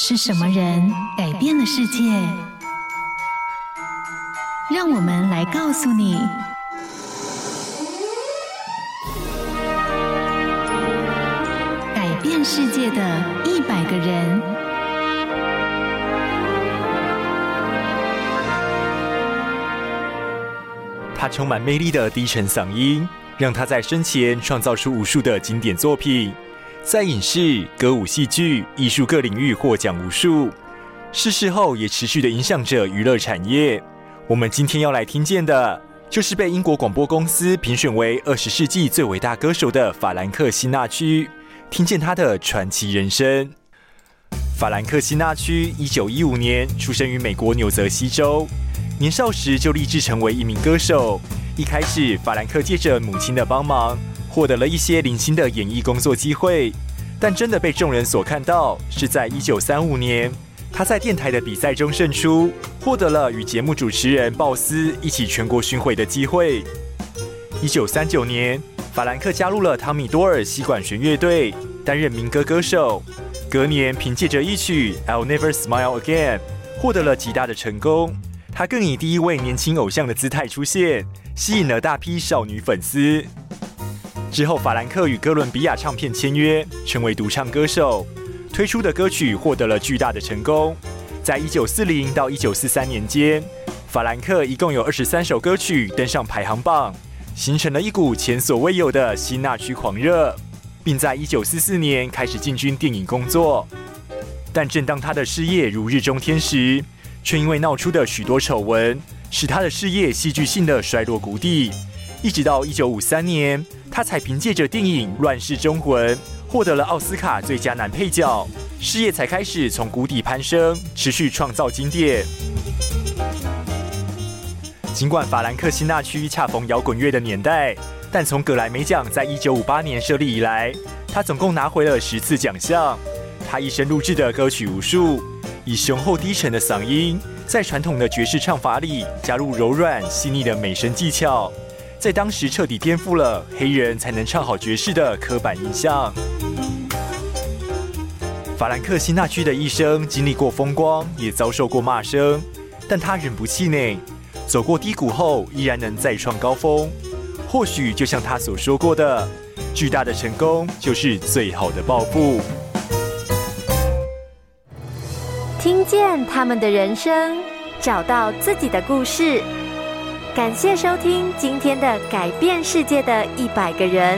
是什麼人改變了世界？讓我們來告訴你：改變世界的一百個人。他充滿魅力的低沉嗓音，讓他在生前創造出無數的經典作品。在影視、歌舞、戲劇、藝術各領域獲獎無數，逝世後也持續的影響着娛樂產業。我們今天要來聽見的，就是被英國廣播公司評選為二十世紀最偉大歌手的法蘭克辛納屈。聽見他的傳奇人生。法蘭克辛納屈，一九一五年出生於美國紐澤西州，年少時就立志成為一名歌手。一開始，法蘭克借着母親的幫忙。獲得了一些零星的演藝工作機會，但真的被眾人所看到是在一九三五年，他在電台的比賽中勝出，獲得了與節目主持人鮑斯一起全國巡回的機會。一九三九年，法蘭克加入了湯米·多爾西管弦樂隊，擔任民歌歌手。隔年，憑借着一曲《I'll Never Smile Again》，獲得了極大的成功。他更以第一位年輕偶像的姿態出現，吸引了大批少女粉絲。之後，法蘭克與哥倫比亞唱片簽約，成為獨唱歌手，推出的歌曲獲得了巨大的成功。在1940到1943年間，法蘭克一共有23首歌曲登上排行榜，形成了一股前所未有的辛納屈狂熱，並在1944年開始進軍電影工作。但正當他的事業如日中天時，卻因為鬧出的許多醜聞，使他的事業戲劇性的衰落谷底，一直到1953年。他才憑借着電影《亂世忠魂》獲得了奧斯卡最佳男配角，事業才開始從谷底攀升，持續創造經典。儘管法蘭克辛納屈恰逢搖滾樂的年代，但從葛萊美獎在一九五八年設立以來，他總共拿回了十次獎項。他一生錄製的歌曲無數，以雄厚低沉的嗓音，在傳統的爵士唱法裡加入柔軟細膩的美聲技巧。在當時徹底顛覆了黑人才能唱好爵士的刻板印象。法蘭克辛納屈的一生經歷過風光，也遭受過罵聲，但他永不氣餒，走過低谷後依然能再創高峰。或許就像他所說過的，巨大的成功就是最好的報復。聽見他們的人生，找到自己的故事。感謝收聽今天的《改變世界的一百個人》。